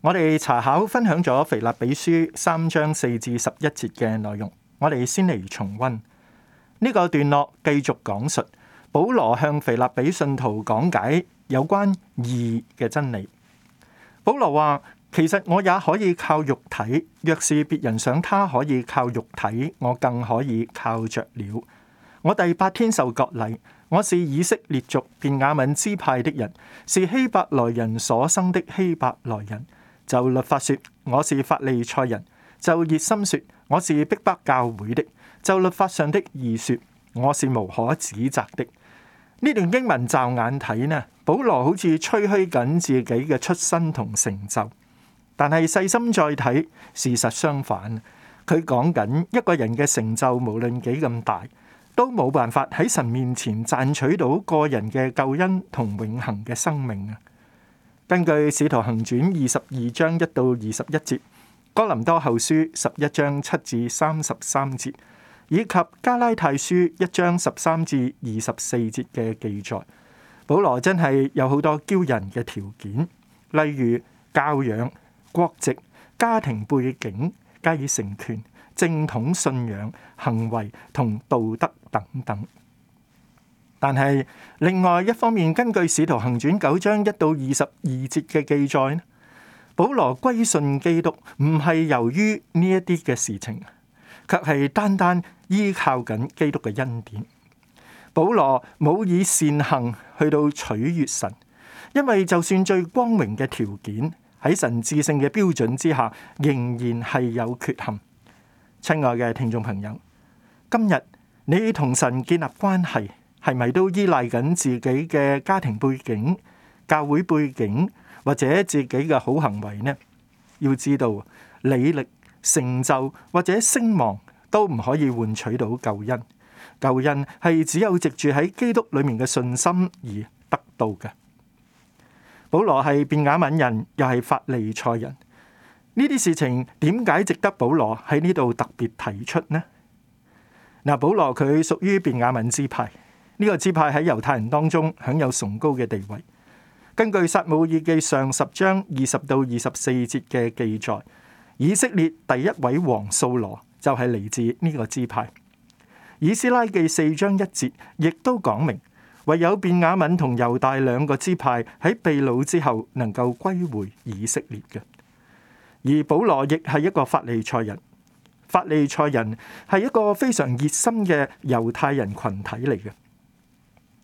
我哋查考分享咗腓立比書三章四至十一節嘅內容，我哋先嚟重溫呢、這個段落，繼續講述保羅向腓立比信徒講解有關義嘅真理。保羅話：其實我也可以靠肉體，若是別人想他可以靠肉體，我更可以靠着了。我第八天受割禮，我是以色列族便雅憫支派的人，是希伯來人所生的希伯來人。就律法說，我是法利賽人；就熱心說，我是逼迫教會的；就律法上的義說，我是無可指責的。呢段經文驟眼睇呢，保羅好似吹噓緊自己嘅出身同成就，但係細心再睇，事實相反。佢講緊一個人嘅成就，無論幾咁大，都冇辦法喺神面前賺取到個人嘅救恩同永恆嘅生命啊！根據《使徒行傳》二十二章一到二十一節，《哥林多後書》十一章七至三十三節，以及《加拉太書》一章十三至二十四節嘅記載，保羅真係有好多驕人嘅條件，例如教養、國籍、家庭背景、繼承權、正統信仰、行為同道德等等。但係另外一方面，根據《使徒行傳》九章一到二十二節嘅記載，保羅歸信基督唔係由於呢一啲嘅事情，卻係單單依靠緊基督嘅恩典。保羅冇以善行去到取悅神，因為就算最光榮嘅條件喺神智性嘅標準之下，仍然係有缺陷。親愛嘅聽眾朋友，今日你同神建立關係。係咪都依賴緊自己嘅家庭背景、教會背景或者自己嘅好行為呢？要知道，履歷、成就或者聲望都唔可以換取到救恩。救恩係只有藉住喺基督裏面嘅信心而得到嘅。保羅係變雅敏人，又係法利賽人。呢啲事情點解值得保羅喺呢度特別提出呢？嗱，保羅佢屬於便雅憫支派。呢個支派喺猶太人當中享有崇高嘅地位。根據《撒母耳記》上十章二十到二十四節嘅記載，以色列第一位王掃羅就係嚟自呢個支派。《以斯拉記》四章一節亦都講明，唯有便雅敏同猶大兩個支派喺被擄之後能夠歸回以色列嘅。而保羅亦係一個法利賽人，法利賽人係一個非常熱心嘅猶太人群體嚟嘅。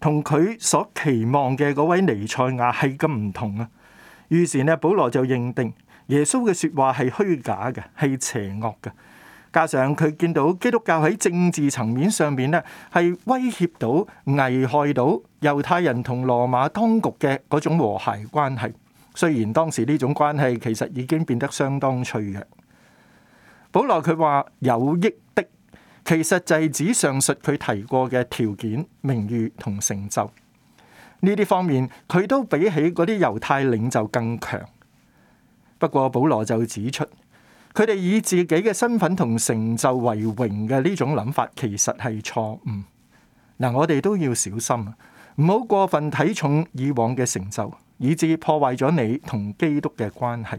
同佢所期望嘅嗰位尼塞亞係咁唔同啊！於是呢，保羅就認定耶穌嘅說話係虛假嘅，係邪惡嘅。加上佢見到基督教喺政治層面上面呢，係威脅到、危害到猶太人同羅馬當局嘅嗰種和諧關係。雖然當時呢種關係其實已經變得相當脆弱，保羅佢話有益。其實就係指上述佢提過嘅條件、名譽同成就呢啲方面，佢都比起嗰啲猶太領袖更強。不過保羅就指出，佢哋以自己嘅身份同成就為榮嘅呢種諗法，其實係錯誤。嗱，我哋都要小心，唔好過分睇重以往嘅成就，以至破壞咗你同基督嘅關係。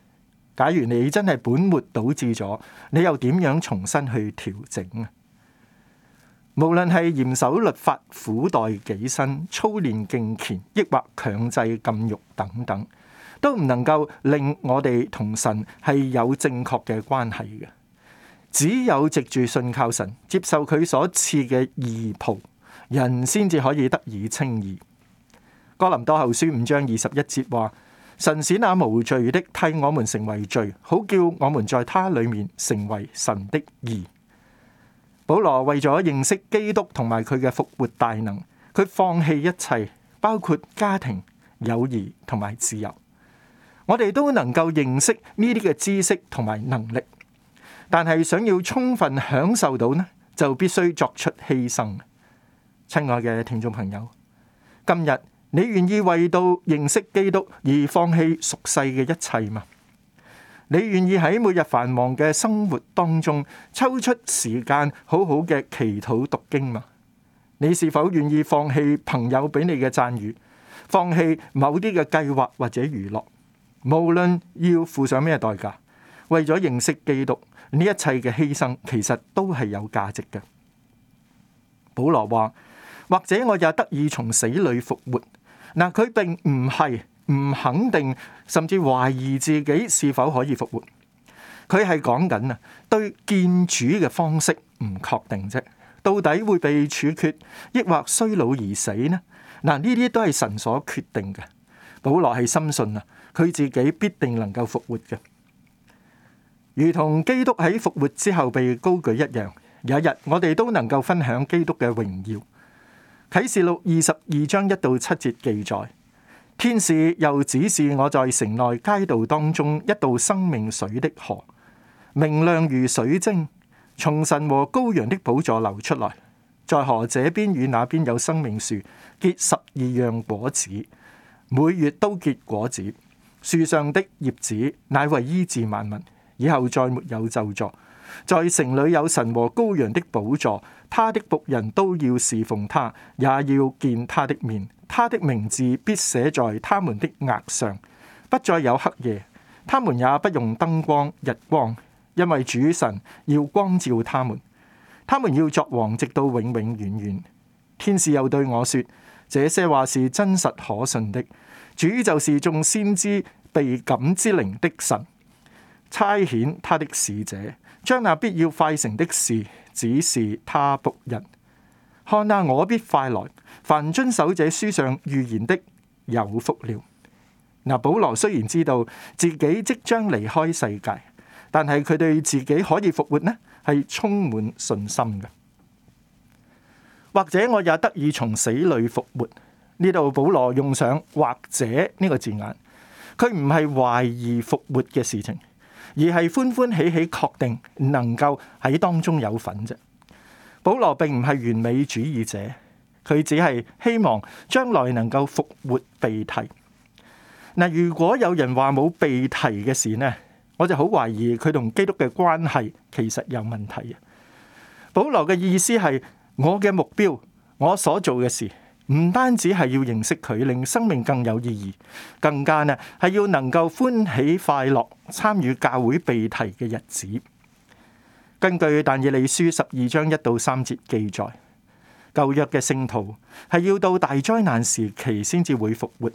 假如你真係本末倒置咗，你又點樣重新去調整啊？無論係嚴守律法、苦待己身、操練敬虔，抑或強制禁欲等等，都唔能夠令我哋同神係有正確嘅關係嘅。只有藉住信靠神，接受佢所賜嘅義袍，人先至可以得以稱義。哥林多後書五章二十一節話。神使那無罪的替我們成為罪，好叫我們在他裏面成為神的義。保羅為咗認識基督同埋佢嘅復活大能，佢放棄一切，包括家庭、友誼同埋自由。我哋都能夠認識呢啲嘅知識同埋能力，但係想要充分享受到呢，就必須作出犧牲。親愛嘅聽眾朋友，今日。你願意為到認識基督而放棄俗世嘅一切嘛？你願意喺每日繁忙嘅生活當中抽出時間好好嘅祈禱讀經嘛？你是否願意放棄朋友俾你嘅讚譽，放棄某啲嘅計劃或者娛樂？無論要付上咩代價，為咗認識基督，呢一切嘅犧牲，其實都係有價值嘅。保羅話：或者我也得以從死裏復活。嗱，佢並唔係唔肯定，甚至懷疑自己是否可以復活。佢係講緊啊，對見主嘅方式唔確定啫，到底會被處決，抑或衰老而死呢？嗱，呢啲都係神所決定嘅。保羅係深信啊，佢自己必定能夠復活嘅，如同基督喺復活之後被高舉一樣。有一日，我哋都能夠分享基督嘅榮耀。啟示錄二十二章一到七節記載，天使又指示我在城內街道當中一道生命水的河，明亮如水晶，從神和羔羊的寶座流出來。在河這邊與那邊有生命樹，結十二樣果子，每月都結果子。樹上的葉子乃為醫治萬民，以後再沒有咒詛。在城裏有神和羔羊的寶座，他的僕人都要侍奉他，也要見他的面。他的名字必寫在他們的額上，不再有黑夜，他們也不用燈光、日光，因為主神要光照他們。他們要作王，直到永永遠遠。天使又對我說：這些話是真實可信的，主就是眾先知被感之靈的神，差遣他的使者。將那必要快成的事指示他僕人，看哪，我必快來。凡遵守這書上預言的有福了。嗱，保羅雖然知道自己即將離開世界，但係佢對自己可以復活呢，係充滿信心嘅。或者我也得以從死裏復活。呢度保羅用上或者呢個字眼，佢唔係懷疑復活嘅事情。而係歡歡喜喜確定能夠喺當中有份啫。保羅並唔係完美主義者，佢只係希望將來能夠復活被提。嗱，如果有人話冇被提嘅事呢，我就好懷疑佢同基督嘅關係其實有問題啊。保羅嘅意思係我嘅目標，我所做嘅事。唔單止係要認識佢，令生命更有意義，更加呢係要能夠歡喜快樂參與教會被提嘅日子。根據但以理書十二章一到三節記載，舊約嘅聖徒係要到大災難時期先至會復活，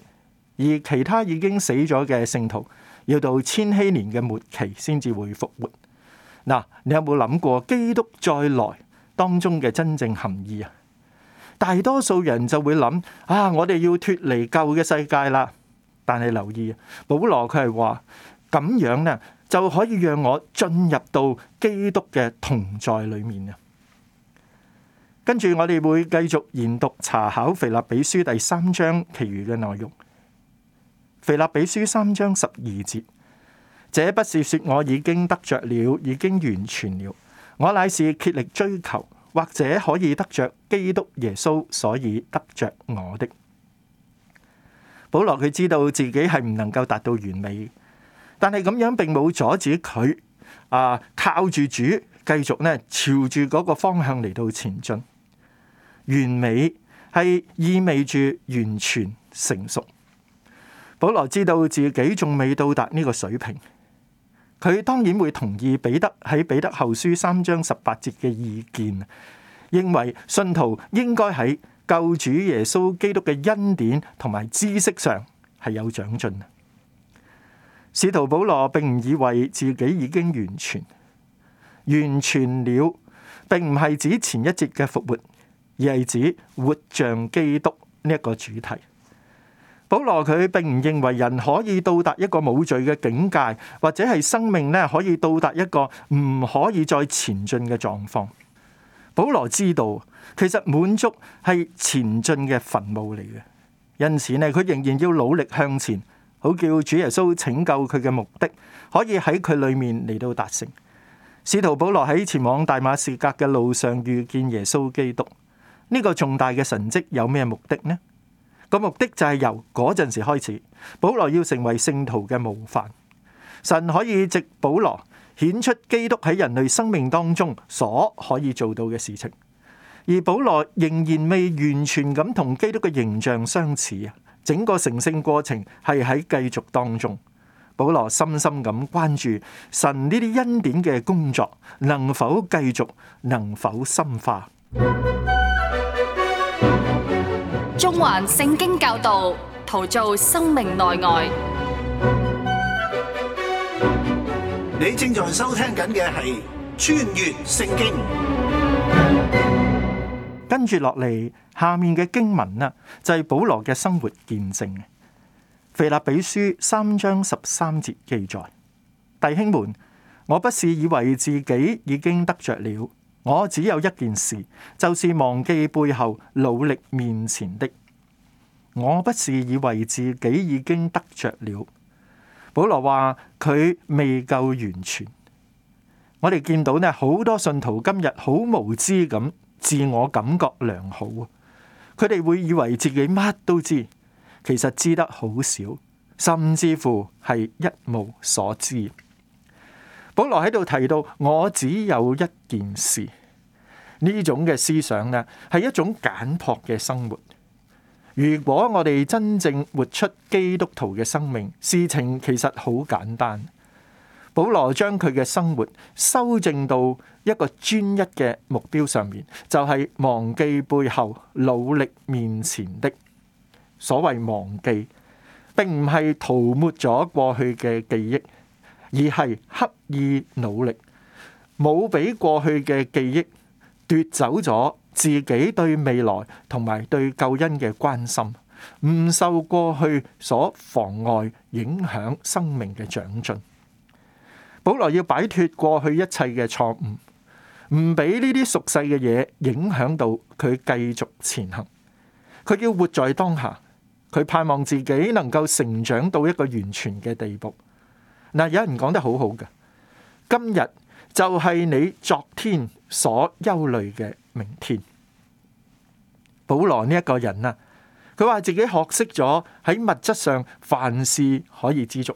而其他已經死咗嘅聖徒要到千禧年嘅末期先至會復活。嗱，你有冇諗過基督再來當中嘅真正含義啊？大多數人就會諗啊，我哋要脫離舊嘅世界啦。但係留意，保羅佢係話咁樣呢，就可以讓我進入到基督嘅同在裏面啊。跟住我哋會繼續研讀查考腓立比書第三章其餘嘅內容。腓立比書三章十二節，這不是說我已經得着了，已經完全了，我乃是竭力追求。或者可以得着基督耶穌，所以得着我的保羅，佢知道自己係唔能夠達到完美，但係咁樣並冇阻止佢啊，靠住主繼，繼續咧朝住嗰個方向嚟到前進。完美係意味住完全成熟。保羅知道自己仲未到達呢個水平。佢當然會同意彼得喺彼得後書三章十八節嘅意見，認為信徒應該喺救主耶穌基督嘅恩典同埋知識上係有長進。使徒保羅並唔以為自己已經完全，完全了，並唔係指前一節嘅復活，而係指活像基督呢一個主題。保羅佢並唔認為人可以到達一個冇罪嘅境界，或者係生命咧，可以到達一個唔可以再前進嘅狀況。保羅知道，其實滿足係前進嘅墳墓嚟嘅，因此咧，佢仍然要努力向前，好叫主耶穌拯救佢嘅目的可以喺佢裏面嚟到達成。使徒保羅喺前往大馬士革嘅路上遇見耶穌基督，呢個重大嘅神跡有咩目的呢？個目的就係由嗰陣時開始，保羅要成為聖徒嘅模範。神可以藉保羅顯出基督喺人類生命當中所可以做到嘅事情，而保羅仍然未完全咁同基督嘅形象相似啊！整個成聖過程係喺繼續當中，保羅深深咁關注神呢啲恩典嘅工作能否繼續，能否深化。中環聖經教導，陶造生命內外。你正在收聽緊嘅係《穿越聖經》，跟住落嚟下面嘅經文啦，就係保羅嘅生活見證。腓立比書三章十三節記載：弟兄們，我不是以為自己已經得着了。我只有一件事，就是忘記背後、努力面前的。我不是以為自己已經得着了。保羅話佢未夠完全。我哋見到呢，好多信徒今日好無知咁，自我感覺良好。佢哋會以為自己乜都知，其實知得好少，甚至乎係一無所知。保羅喺度提到，我只有一件事，呢種嘅思想呢，係一種簡樸嘅生活。如果我哋真正活出基督徒嘅生命，事情其實好簡單。保羅將佢嘅生活修正到一個專一嘅目標上面，就係忘記背後，努力面前的。所謂忘記，並唔係塗抹咗過去嘅記憶。而係刻意努力，冇俾過去嘅記憶奪走咗自己對未來同埋對救恩嘅關心，唔受過去所妨礙影響生命嘅長進。保羅要擺脫過去一切嘅錯誤，唔俾呢啲熟悉嘅嘢影響到佢繼續前行。佢要活在當下，佢盼望自己能夠成長到一個完全嘅地步。嗱，有人講得好好嘅，今日就係你昨天所憂慮嘅明天。保羅呢一個人啊，佢話自己學識咗喺物質上凡事可以知足，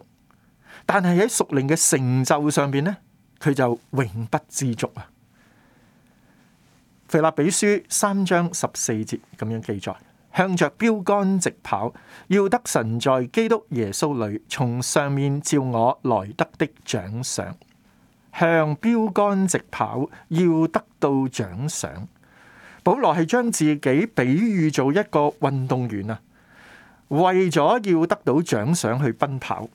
但係喺屬靈嘅成就上邊咧，佢就永不知足啊。腓立比書三章十四節咁樣記載。向着標竿直跑，要得神在基督耶穌裏從上面召我來得的獎賞。向標竿直跑，要得到獎賞。保羅係將自己比喻做一個運動員啊，為咗要得到獎賞去奔跑。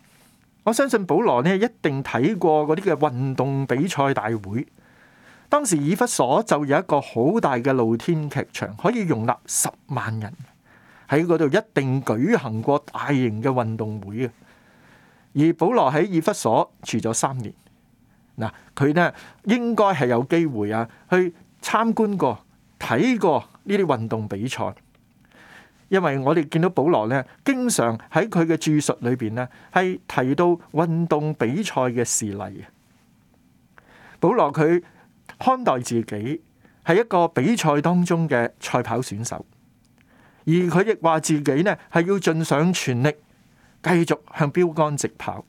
我相信保羅呢一定睇過嗰啲嘅運動比賽大會。當時以弗所就有一個好大嘅露天劇場，可以容納十萬人，喺嗰度一定舉行過大型嘅運動會嘅。而保羅喺以弗所住咗三年，嗱，佢咧應該係有機會啊，去參觀過、睇過呢啲運動比賽，因為我哋見到保羅咧，經常喺佢嘅著述裏邊咧係提到運動比賽嘅事例嘅。保羅佢。看待自己係一個比賽當中嘅賽跑選手，而佢亦話自己呢係要盡上全力，繼續向標杆直跑，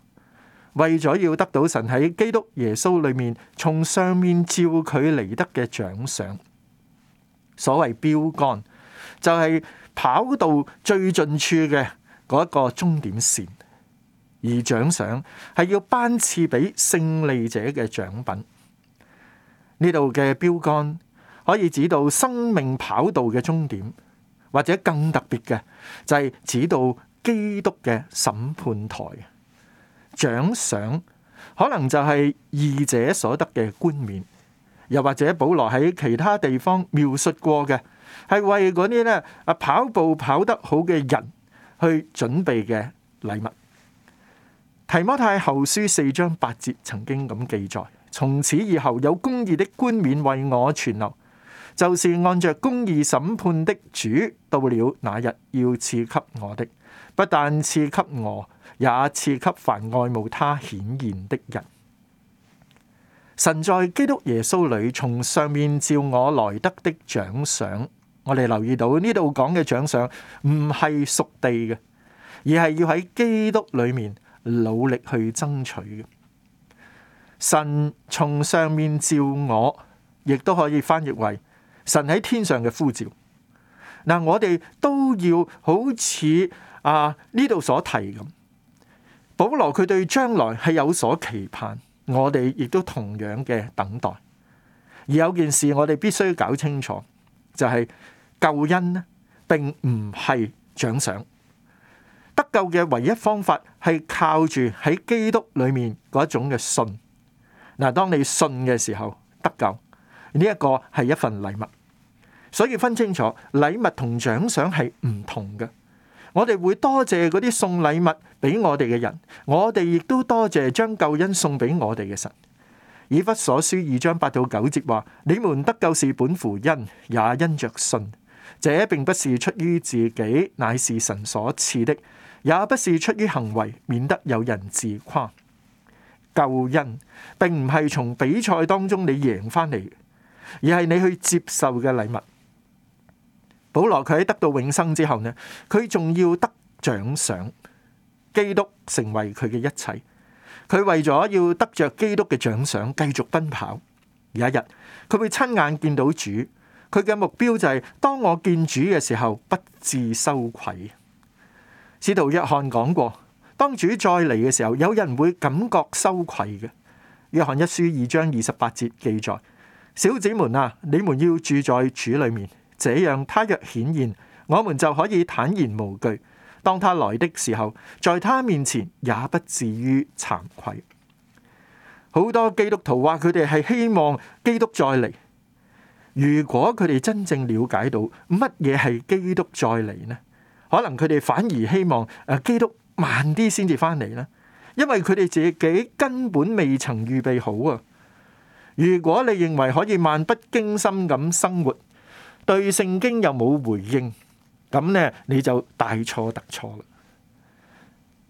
為咗要得到神喺基督耶穌裏面從上面照佢嚟得嘅獎賞。所謂標杆就係、是、跑到最盡處嘅嗰一個終點線，而獎賞係要頒賜俾勝利者嘅獎品。呢度嘅標杆可以指到生命跑道嘅終點，或者更特別嘅就係、是、指到基督嘅審判台獎賞，可能就係義者所得嘅冠冕，又或者保羅喺其他地方描述過嘅，係為嗰啲咧啊跑步跑得好嘅人去準備嘅禮物。提摩太後書四章八節曾經咁記載。從此以後有公義的冠冕為我存留，就是按着公義審判的主，到了那日要賜給我的。不但賜給我，也賜給凡愛慕他顯現的人。神在基督耶穌裏從上面召我來得的獎賞，我哋留意到呢度講嘅獎賞唔係屬地嘅，而係要喺基督裏面努力去爭取嘅。神從上面召我，亦都可以翻譯為神喺天上嘅呼召。嗱，我哋都要好似啊呢度所提咁，保羅佢對將來係有所期盼，我哋亦都同樣嘅等待。而有件事我哋必須搞清楚，就係、是、救恩呢，並唔係獎賞。得救嘅唯一方法係靠住喺基督裏面嗰一種嘅信。嗱，當你信嘅時候得救，呢一個係一份禮物，所以分清楚禮物同獎賞係唔同嘅。我哋會多謝嗰啲送禮物俾我哋嘅人，我哋亦都多謝將救恩送俾我哋嘅神。以弗所書二章八到九節話：你們得救是本乎恩，也因着信。這並不是出於自己，乃是神所賜的；也不是出於行為，免得有人自誇。救恩並唔係從比賽當中你贏翻嚟，而係你去接受嘅禮物。保羅佢喺得到永生之後呢，佢仲要得獎賞。基督成為佢嘅一切，佢為咗要得着基督嘅獎賞，繼續奔跑。有一日佢會親眼見到主，佢嘅目標就係、是、當我見主嘅時候不致羞愧。使徒約翰講過。當主再嚟嘅時候，有人會感覺羞愧嘅。約翰一書二章二十八節記載：小子們啊，你們要住在主裏面，這樣他若顯現，我們就可以坦然無懼。當他來的時候，在他面前也不至於慚愧。好多基督徒話佢哋係希望基督再嚟。如果佢哋真正了解到乜嘢係基督再嚟呢？可能佢哋反而希望誒、啊、基督。慢啲先至翻嚟啦，因為佢哋自己根本未曾預備好啊！如果你認為可以漫不經心咁生活，對聖經又冇回應，咁咧你就大錯特錯啦！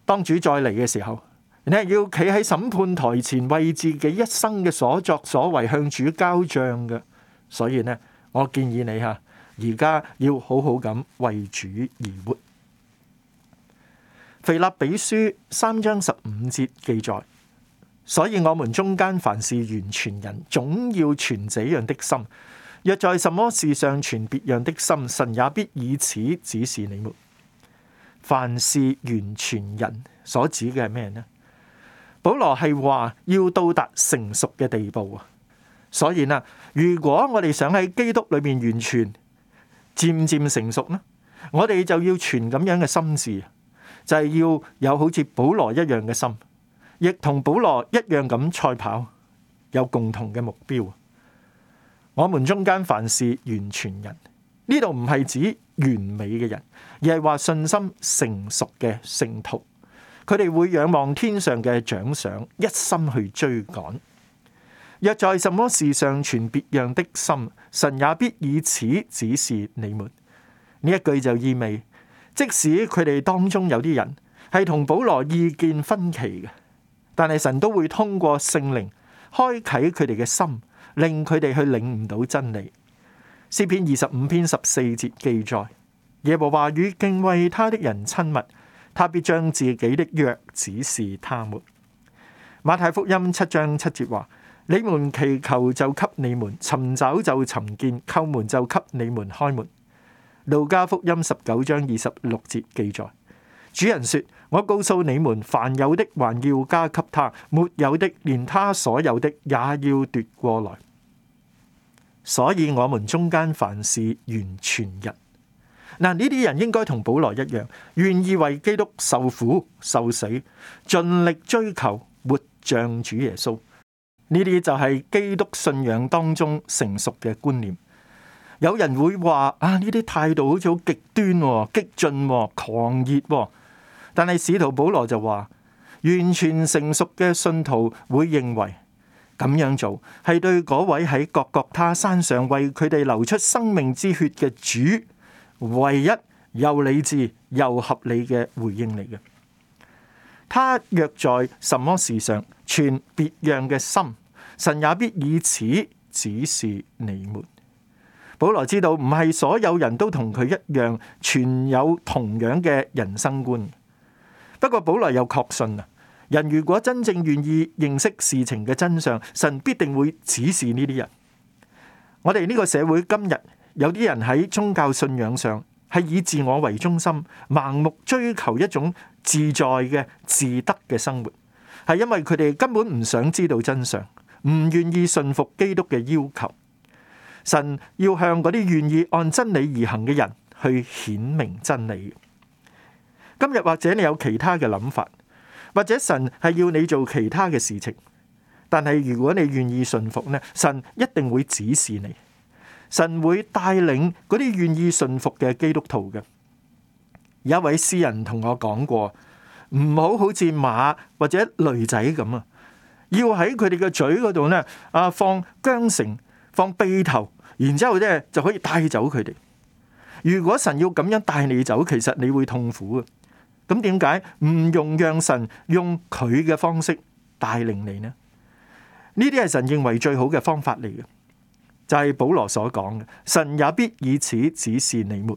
當主再嚟嘅時候，你係要企喺審判台前，為自己一生嘅所作所為向主交賬嘅。所以呢，我建議你吓，而家要好好咁為主而活。腓立比書三章十五節記載，所以我們中間凡事完全人，總要存這樣的心。若在什麼事上存別樣的心，神也必以此指示你們。凡事完全人所指嘅係咩呢？保羅係話要到達成熟嘅地步啊！所以啦，如果我哋想喺基督裏面完全，漸漸成熟呢，我哋就要存咁樣嘅心志。就係要有好似保羅一樣嘅心，亦同保羅一樣咁賽跑，有共同嘅目標。我們中間凡事完全人，呢度唔係指完美嘅人，而係話信心成熟嘅聖徒。佢哋會仰望天上嘅獎賞，一心去追趕。若在什麼事上存別樣的心，神也必以此指示你們。呢一句就意味。即使佢哋當中有啲人係同保羅意見分歧嘅，但係神都會通過聖靈開啟佢哋嘅心，令佢哋去領悟到真理。詩篇二十五篇十四節記載：耶和華與敬畏他的人親密，他必將自己的約指示他們。馬太福音七章七節話：你們祈求就給你們，尋找就尋見，叩門就給你們開門。路加福音十九章二十六節記載，主人說：我告訴你們，凡有的還要加給他，沒有的連他所有的也要奪過來。所以，我們中間凡事完全人，嗱呢啲人應該同保羅一樣，願意為基督受苦受死，盡力追求活像主耶穌。呢啲就係基督信仰當中成熟嘅觀念。有人會話啊，呢啲態度好似好極端、哦、激進、哦、狂熱、哦。但係使徒保羅就話，完全成熟嘅信徒會認為咁樣做係對嗰位喺各各他山上為佢哋流出生命之血嘅主，唯一又理智又合理嘅回應嚟嘅。他若在什麼事上存別樣嘅心，神也必以此指示你們。保羅知道唔係所有人都同佢一樣，存有同樣嘅人生觀。不過保羅又確信啊，人如果真正願意認識事情嘅真相，神必定會指示呢啲人。我哋呢個社會今日有啲人喺宗教信仰上係以自我為中心，盲目追求一種自在嘅自得嘅生活，係因為佢哋根本唔想知道真相，唔願意信服基督嘅要求。神要向嗰啲願意按真理而行嘅人去顯明真理。今日或者你有其他嘅諗法，或者神係要你做其他嘅事情，但係如果你願意信服呢，神一定會指示你，神會帶領嗰啲願意信服嘅基督徒嘅。有一位詩人同我講過，唔好好似馬或者驢仔咁啊，要喺佢哋嘅嘴嗰度呢，啊放韁繩，放鼻頭。然之後咧，就可以帶走佢哋。如果神要咁樣帶你走，其實你會痛苦嘅！咁點解唔用讓神用佢嘅方式帶領你呢？呢啲係神認為最好嘅方法嚟嘅，就係保羅所講嘅，神也必以此指示你們。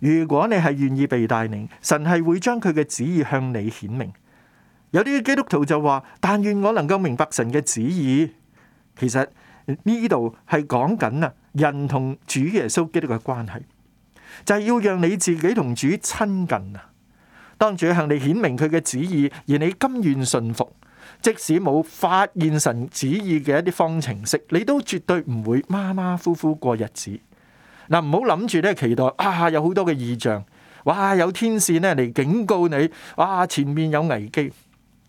如果你係願意被帶領，神係會將佢嘅旨意向你顯明。有啲基督徒就話：但願我能夠明白神嘅旨意。其實。呢度係講緊啊，人同主耶穌基督嘅關係，就係要讓你自己同主親近啊。當主向你顯明佢嘅旨意，而你甘願信服，即使冇發現神旨意嘅一啲方程式，你都絕對唔會馬馬虎虎過日子。嗱，唔好諗住咧，期待啊有好多嘅異象，哇有天線咧嚟警告你，哇前面有危機。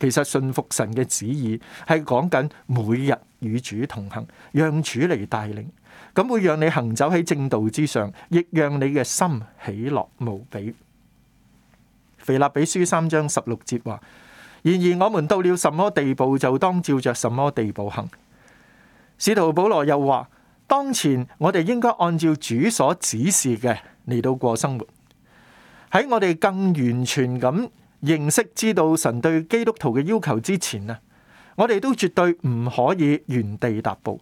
其實信服神嘅旨意係講緊每日與主同行，讓主嚟帶領，咁會讓你行走喺正道之上，亦讓你嘅心喜樂無比。腓立比書三章十六節話：然而我們到了什麼地步，就當照着什麼地步行。使徒保羅又話：當前我哋應該按照主所指示嘅嚟到過生活，喺我哋更完全咁。認識知道神對基督徒嘅要求之前啊，我哋都絕對唔可以原地踏步，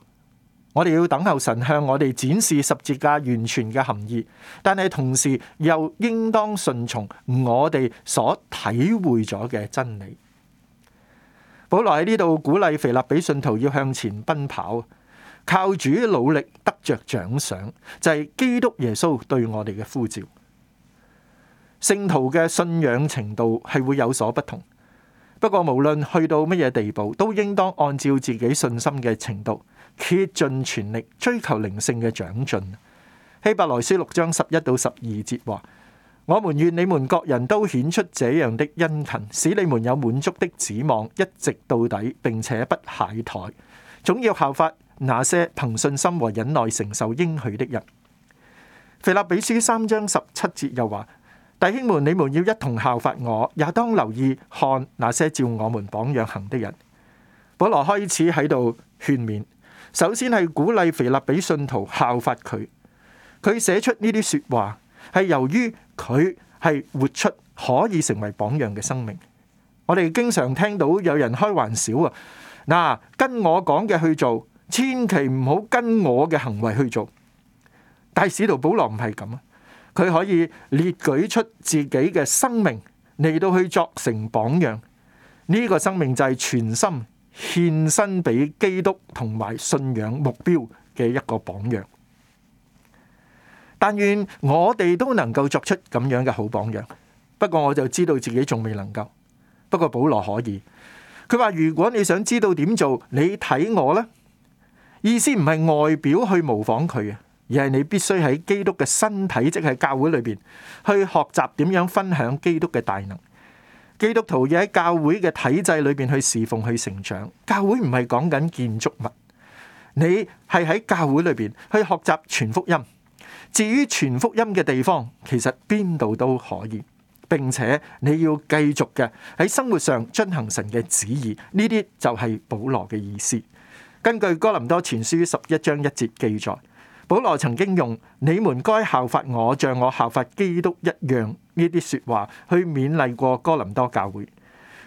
我哋要等候神向我哋展示十字架完全嘅含義，但係同時又應當順從我哋所體會咗嘅真理。保羅喺呢度鼓勵腓立比信徒要向前奔跑，靠主努力得着獎賞，就係基督耶穌對我哋嘅呼召。聖徒嘅信仰程度係會有所不同，不過無論去到乜嘢地步，都應當按照自己信心嘅程度竭盡全力追求靈性嘅長進。希伯來書六章十一到十二節話：我們願你們各人都顯出這樣的殷勤，使你們有滿足的指望，一直到底，並且不懈怠。總要效法那些憑信心和忍耐承受應許的人。腓立比書三章十七節又話。弟兄們，你們要一同效法我，也當留意看那些照我們榜樣行的人。保羅開始喺度勸勉，首先係鼓勵腓立比信徒效法佢。佢寫出呢啲說話，係由於佢係活出可以成為榜樣嘅生命。我哋經常聽到有人開玩笑啊，嗱，跟我講嘅去做，千祈唔好跟我嘅行為去做。但係使徒保羅唔係咁啊。佢可以列舉出自己嘅生命嚟到去作成榜樣，呢個生命就係全心獻身俾基督同埋信仰目標嘅一個榜樣。但願我哋都能夠作出咁樣嘅好榜樣。不過我就知道自己仲未能夠，不過保羅可以。佢話如果你想知道點做，你睇我啦。意思唔係外表去模仿佢啊。而係你必須喺基督嘅身體，即係教會裏邊去學習點樣分享基督嘅大能。基督徒要喺教會嘅體制裏邊去侍奉，去成長。教會唔係講緊建築物，你係喺教會裏邊去學習全福音。至於全福音嘅地方，其實邊度都可以。並且你要繼續嘅喺生活上進行神嘅旨意。呢啲就係保羅嘅意思。根據哥林多前書十一章一節記載。保羅曾經用你們該效法我，像我效法基督一樣呢啲說話去勉勵過哥林多教會。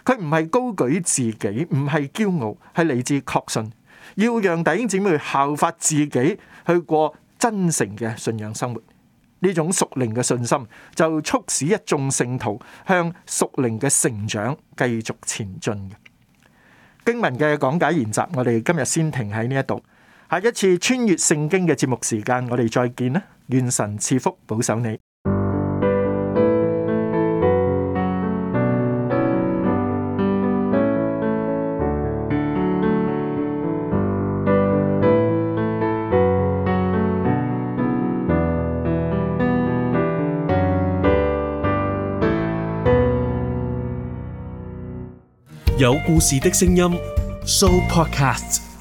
佢唔係高舉自己，唔係驕傲，係理智確信。要讓弟兄姊妹效法自己，去過真誠嘅信仰生活。呢種屬靈嘅信心就促使一眾聖徒向屬靈嘅成長繼續前進嘅經文嘅講解研習，我哋今日先停喺呢一度。下一次穿越聖經嘅節目時間，我哋再見啦！願神賜福保守你。有故事的聲音，Sooopodcast。